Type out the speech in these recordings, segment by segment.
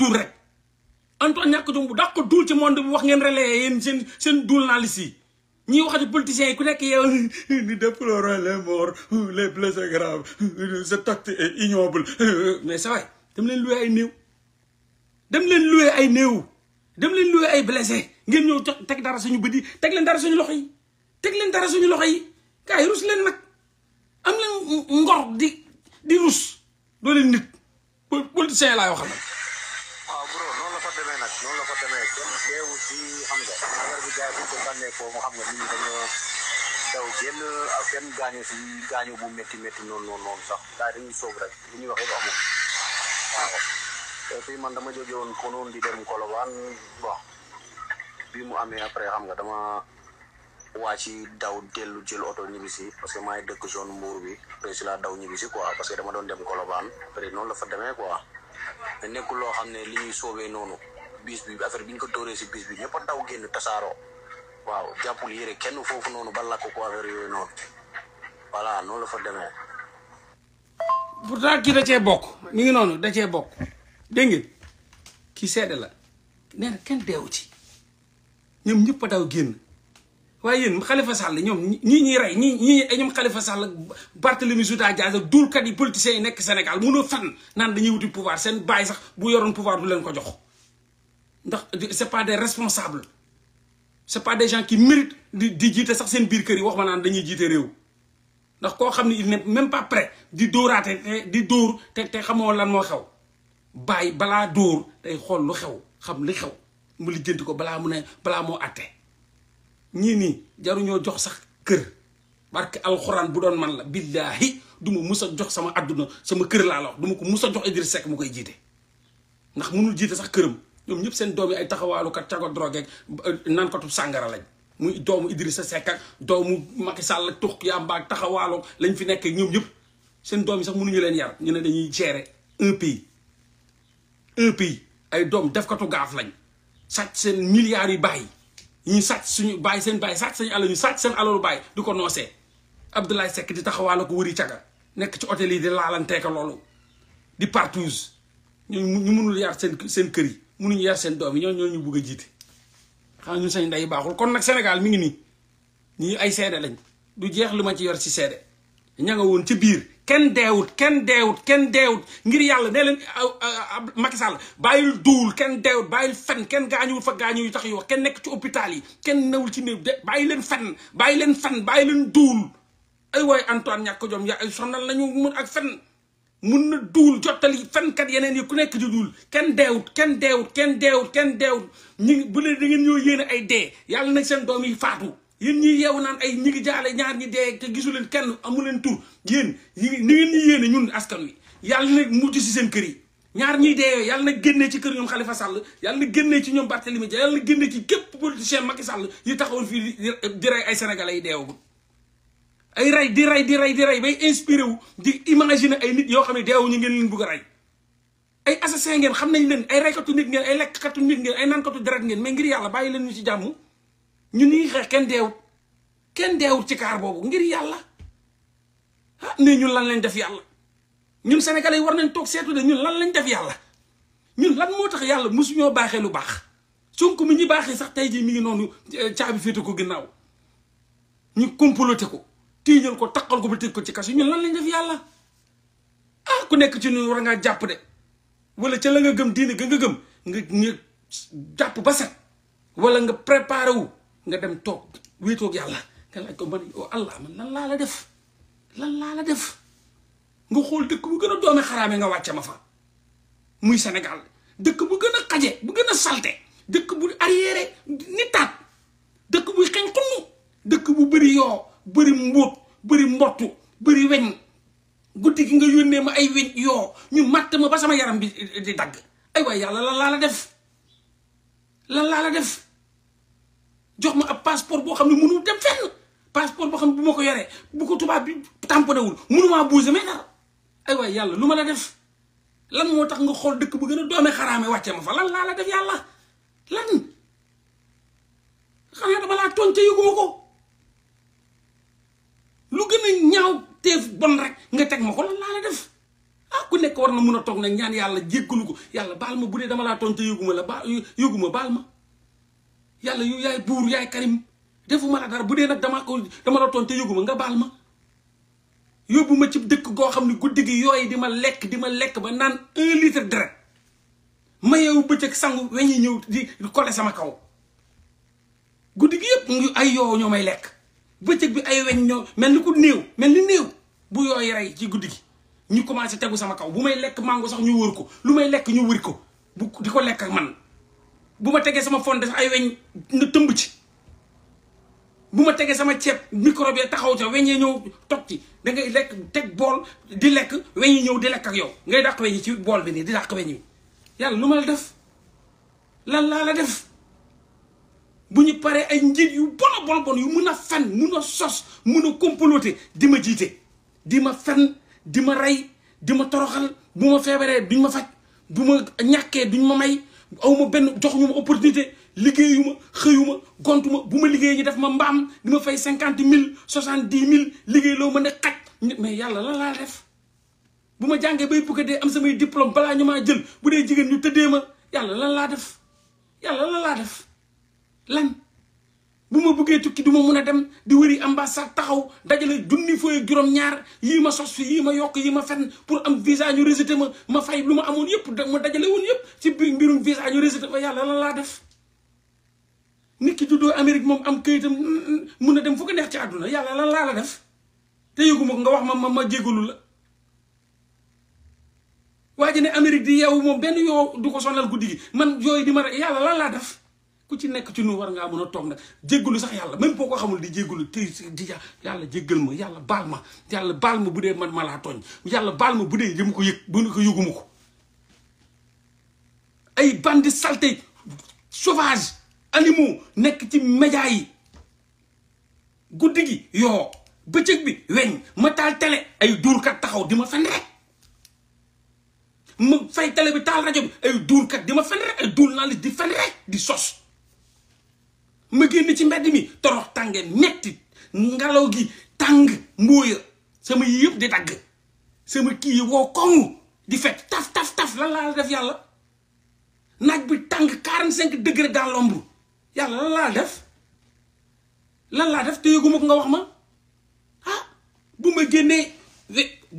duul rek Antoine ñàkk jom bu dàq ko duul ci monde bi wax ngeen relayé yéen seen seen duul naa lisi ñiy waxati politiciens yi ku nekk yow nous déplorons les morts les blessés graves cet acte est ignoble mais sa waay dem leen loué ay néew dem leen loué ay néew dem leen loué ay blessé ngeen ñëw teg dara suñu bët yi teg leen dara suñu loxo yi teg leen dara suñu loxo yi kaay rus leen nag am leen ngor di di rus doo leen nit politicien laay waxal noonu la ko demee kenn teewu ci ko tànnee mu xam nga nit ñi daw génn ak kenn gaañu si gaañu bu métti métti noonu noonu noonu sax daal dañuy sóob rek li ñuy wax yëpp amul waaw te man dama jóge woon ko noonu di dem Colobane bon bi mu amee après xam nga dama waa ci daw dellu jël oto ñibbisi parce que maay dëkk zone Mbour bi après si laa daw ñibbisi quoi parce que dama doon dem Colobane après noonu la fa demee quoi mais nekkul loo xam ne li ñuy soobee noonu biis bi affaire bi ñu ko dóoree si biis bi ñëpp daw génn tasaaroo waaw jàppul yére kenn foofu noonu ba lakk ko affaire yooyu noonu voilà noonu la fa demee. pourtant bokk mi ngi noonu da bokk dégg ngeen la nee na kenn deewu ci ñëpp a daw génn waaye yéen Khalifa Sall ñoom ñii ñuy rey ñii ñii ñoom Khalifa Sall Barthélemy Souta Dias ak duulkat yi politiciens yi nekk Sénégal mënoo naan dañuy wuti pouvoir seen bàyyi sax bu yoroon pouvoir du leen ko jox. ndax c'est pas des responsables c'est pas des gens qui méritent di di jiite sax seen biir kër yi wax ma naan dañuy jiite réew ndax koo xam ne il n'est même pas prêt di dóoraate di dóor te xamoo lan moo xew bàyyi balaa dóor day xool lu xew xam li xew mu lijjanti ko balaa mu ne balaa moo àtte ñii nii jaruñoo jox sax kër barke alxuraan bu doon man la billaahi du ma mus a jox sama àdduna sama kër laa la wax du ko mus a jox Idriss Seck mu koy jiite ndax mënul jiite sax këram ñoom ñëpp seen doom yi ay taxawaalukat cago drogue ak euh, nankatu sàngara lañ muy doomu Idrissa Seck ak doomu Macky Sall ak tux yàmba ak taxawaaloo lañ fi nekk ñoom ñëpp seen doom yi sax mënuñu leen yar ñu ne dañuy gérer un pays ay doom defkatu gaaf lañ sàcc seen milliards yu bàyyi ñu sàcc suñu bàyyi seen bàyyi sàcc seen alal ñu sàcc seen alalu bàyyi du ko noosee Abdoulaye Seck di taxawaaloo ko wëri caga nekk ci hôtel yi di laalanteeka loolu di partouze ñu munul yar seen seen kër yi mënuñu yar seen doom yi ñoo ñoo ñu bugg a jiit xam ñun sañ nday baaxul kon nag Sénégal mi ngi nii ñi ay seede lañ du jeex lu ma ci yor ci seede ña nga woon ci biir kenn deewut kenn deewut kenn deewut ngir yàlla nee leen Macky Sall bàyyil duwul kenn deewut bàyyil fen kenn gaañuwul fa gaañu yu tax yu wax kenn nekk ci hôpital yi kenn newul ci néew de bàyyi leen fen bàyyi leen fen bàyyi leen duwul ay waay Antoine ñàkk jom ya sonal nañu mun ak fen mun na duul jottali fenkat yeneen yi ku nekk di duul kenn deewut kenn deewut kenn deewut kenn deewut ñi bu lee da ngeen ñoo yéene ay dee yàlla na seen doom yi faatu yéen ñi yeewu naan ay ñi ngi jaale ñaar ñi dee te gisu leen kenn amu leen tur yéen ñi ni ngeen ñi yéene ñun askan wi yàlla na mucc si seen kër yi ñaar ñiy deeyoo yàlla na génnee ci kër ñoom Khalifa Sall yàlla na génnee ci ñoom Barthélemy Dia yàlla na génnee ci képp politicien Macky Sall yi taxawul fii di rey ay sénégalais yi deewagul ay rey di rey di rey di rey bay inspiré wu di imaginer ay nit yoo xam ne deewuñu ngeen leen bugg a rey ay assassin ngeen xam nañ leen ay reykatu nit ngeen ay lekkatu nit ngeen ay nankatu deret ngeen mais ngir yàlla bàyyi leen ñu ci jàmm ñu nii xeex kenn deewut kenn deewut ci kaar boobu ngir yàlla ah ne ñun lan lañ def yàlla ñun sénégalais yi war nañ toog seetu de ñun lan lañ def yàlla ñun lan moo tax yàlla mosuñoo baaxee lu baax Sonko mi ñu baaxee sax tey jii mi ngi noonu eh, caabi féete ko ginnaaw ñu comploté ko tiiñal ko taqal ko ba tëj ko ci kaso ñun lan lañ def yàlla ah ku nekk ci ñun war jàpp de wala ca la nga gëm diine ga nga gëm nga nga jàpp ba set wala nga préparé wu nga dem toog wéetoog yàlla nga laaj ko man yow oh, laa la def lan laa def nga xool dëkk bu gën a doome xaraame nga wàcce ma fa muy senegal dëkk bu gën a xaje bu gën a salte dëkk bu arriéré ni taat dëkk bu xenqunu dëkk bu bëri yoo bëri mbóot bëri mbottu bëri weñ guddi ki nga yónnee ma ay weñ yoo ñu matt ma ba sama yaram bi di dagg ay waay yàlla lan laa la def lan laa la def jox ma ab passeport boo xam ne mënul dem fenn passeport boo xam ne bu ma ko yoree bu ko tubaab bi tamponné wul mënumaa bougé mais dara ay waay yàlla lu ma la def lan moo tax nga xool dëkk bu gën a doome xaraame wàcce ma fa lan laa la yàlla lan xanaa dama laa tooñ te yëgoo ko lu gën a ñaaw tee bon rek nga teg ma ko lan laa la def ah ku nekk war na mun a toog nag ñaan yàlla jéggalu ko yàlla baal ma bu dee dama laa tooñ te yëguma la ba yëguma baal ma yàlla yow yaay buur yaay defuma la bu dee nag damaa ko dama la tooñ te nga baal ma yóbbu ma ci dëkk goo xam ne guddi gi yooyu di ma lekk di ma lekk ba naan un litre deret mayewu bëccëg sangu weñi ñëw di kole sama kaw guddi gi yëpp ay yoo ñoo may lekk bëccëg bi ay weñ ñoo mel ni ko néew mel ni néew bu yooyu rey ci guddi gi ñu commencé tegu sama kaw bu may lekk mango sax ñu wër ko lu may lekk ñu wër ko bu di ko lekk ak man bu ma tegee sama fonde sax ay weñ na tëmb ci bu ma tegee sama ceeb microbe yi taxaw ca weñ yi ñëw toog ci da ngay lekk teg bool di lekk weñ yi ñëw di lekk ak yow ngay dàq weñ yi ci bool bi nii di dàq weñ yi yàlla lu ma la def lan laa la def bu ñu paree ay njiit yu bon bon bon yu mun a fen mun a sos mun a comploter di ma jiite di ma fen di ma rey di ma toroxal bu ma feebaree duñ ma faj bu ma ñàkkee duñ ma may aw ma benn jox ñu ma opportunité liggéeyu ma xëyu ma ma bu ma liggéey ñu def ma mbaam di ma fay cinquante mille soixante dix mille liggéey loo ma ne xaj mais yàlla lan laa def bu ma jàngee bay bukka dee am samay diplôme balaa ñu maa jël bu dee jigéen ñu tëddee ma yàlla lan laa def yàlla lan laa def lan bu ma bëggee tukki du ma mun a dem di wëri ambassade taxaw dajale junni fooy juróom-ñaar yii ma sos fi yii ma yokk yii ma fenn pour am visa ñu rejeté ma ma fay lu ma amoon yëpp ma dajale yëpp ci biir mbirum visa ñu ma yàlla lan laa def. nit ki juddoo Amérique moom am këyitam mm, mm, mun a dem fu ko neex ci àdduna yàlla lan laa la def te yëguma ko nga wax ma ma ma jégalu la. waa ji ne Amérique di yeewu moom benn yoo du ko sonal guddi gi man yooyu di ma rek yàlla lan laa def. ku ci nekk ci nu war ngaa mën a toog nag jéggalu sax yàlla même boo ko xamul di jéggalu te di yàlla jéggal ma yàlla baal ma yàlla baal ma bu dee man ma laa tooñ yàlla baal ma bu dee yëmu ko yëg bu nu ko yëguma ko ay bandi salté sauvage animaux nekk ci média yi guddi gi yoo bëccëg bi weñ ma taal télé ay duurkat taxaw di ma fen rek ma fay télé bi taal rajo bi ay duurkat di ma fen rek ay duur di fen di sos ma génn ci mbedd mi torox tànge metti ngelaw gi tàng mbóoya sama yii yëpp di dagg sama kii yi woo koŋ di fet taf taf taf lan laa def yàlla naaj bi tàng quarante cinq degré dans l'ombre yàlla lan laa def lan laa def te yëguma ko nga wax ma ah bu ma génnee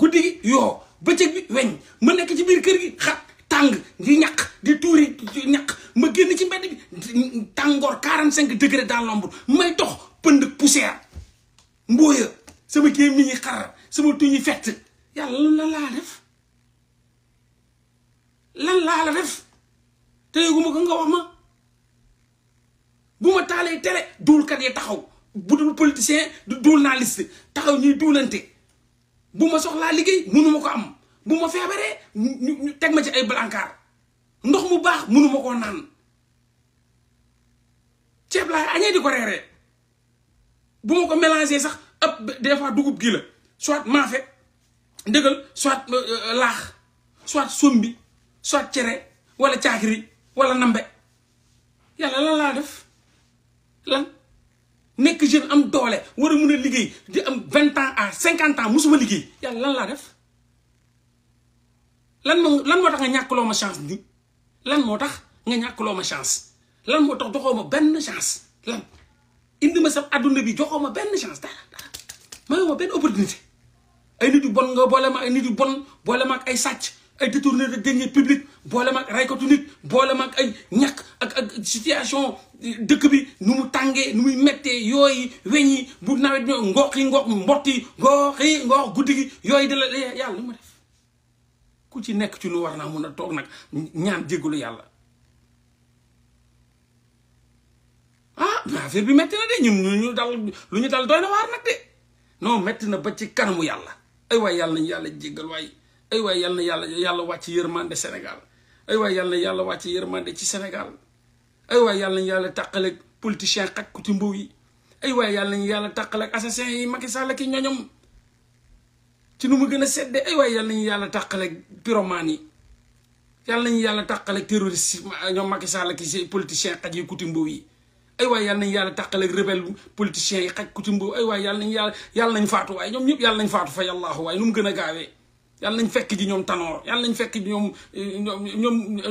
guddi gi yoo bëccëg bi weñ ma nekk ci biir kër gi xat tàng di ñaq di tuuri ñaq ma génn ci mbedd bi tàngoor 45 degré dans l'ombre may dox pënd poussière mbooya sama kii mi ñi xar sama tuñ yi fett yàlla lan laa def lan laa la def te yëguma ko nga wax ma bu ma taalee télé duulkat yi taxaw bu dul politicien du duul naa liste taxaw ñuy duulante bu ma soxlaa liggéey mënuma ko am bu ma feebaree ñu teg ma ci ay blancar ndox mu baax mënu ma koo naan ceeb laay añee di ko reeree bu ma ko mélangé sax ab des fois dugub gi la soit maafe ndëgal soit euh, euh, laax soit sombi soit cere wala caakiri wala nambe yàlla lan laa def lan nekk jeune am doole war a mun a liggéey di am vingt ans à cinquante ans musuma liggéey yàlla lan laa def lan moo lan moo tax nga ñàkk ma chance bi lan moo tax nga ñàkk ma chance lan moo tax joxoo benn chance lan indi ma sa adduna bi joxoo ma benn chance dara dara benn opportunité ay nit yu bon nga boole ma ay nit yu bon boole ma ay sàcc ay détourné de deniers publics boole ma ak raykatu boole ma ay ñàkk ak ak situation dëkk bi nu mu tàngee nu muy méttee yooyu weñ bu nawet ñëw ngox yi ngox mbott yi ngox yi guddi gi yooyu de la yàlla ma def ku ci nekk ci nu war naa mun a toog nag ñaan jégalu yàlla ah affaire bi metti na de ñun ñu ñu dal lu ñu dal doy na waar nag de non metti na ba ci kanamu yàlla ay waay yàlla nañu yàlla jégal waay ay waay yàlla na yàlla yàlla wàcc yërmande Sénégal ay waay yàlla na yàlla wàcc yërmande ci Sénégal ay waay yàlla nañu yàlla tàqaleeg politicien xaj ku ci mbow yi ay waay yàlla nañu yàlla tàqaleeg assassin yi Macky Sall ki ci nu mu gën a seddee ay waaye yàlla nañu yàlla tàqaleeg pyromane yi yàlla nañu yàlla tàqaleeg terroriste ñoom Macky Sall ak i politiciens xaj yi kutimbo yi ay waaye yàlla nañu yàlla tàqaleeg rebelle politiciens yi xaj kutimbo ay waaye yàlla nañ faatu waaye ñoom ñëpp yal nañ faatu fa yàllaahu waaye nu mu gën a gaawee yàlla nañ fekk ji ñoom tanoor yàlla nañ fekk eh, ñoom ñoom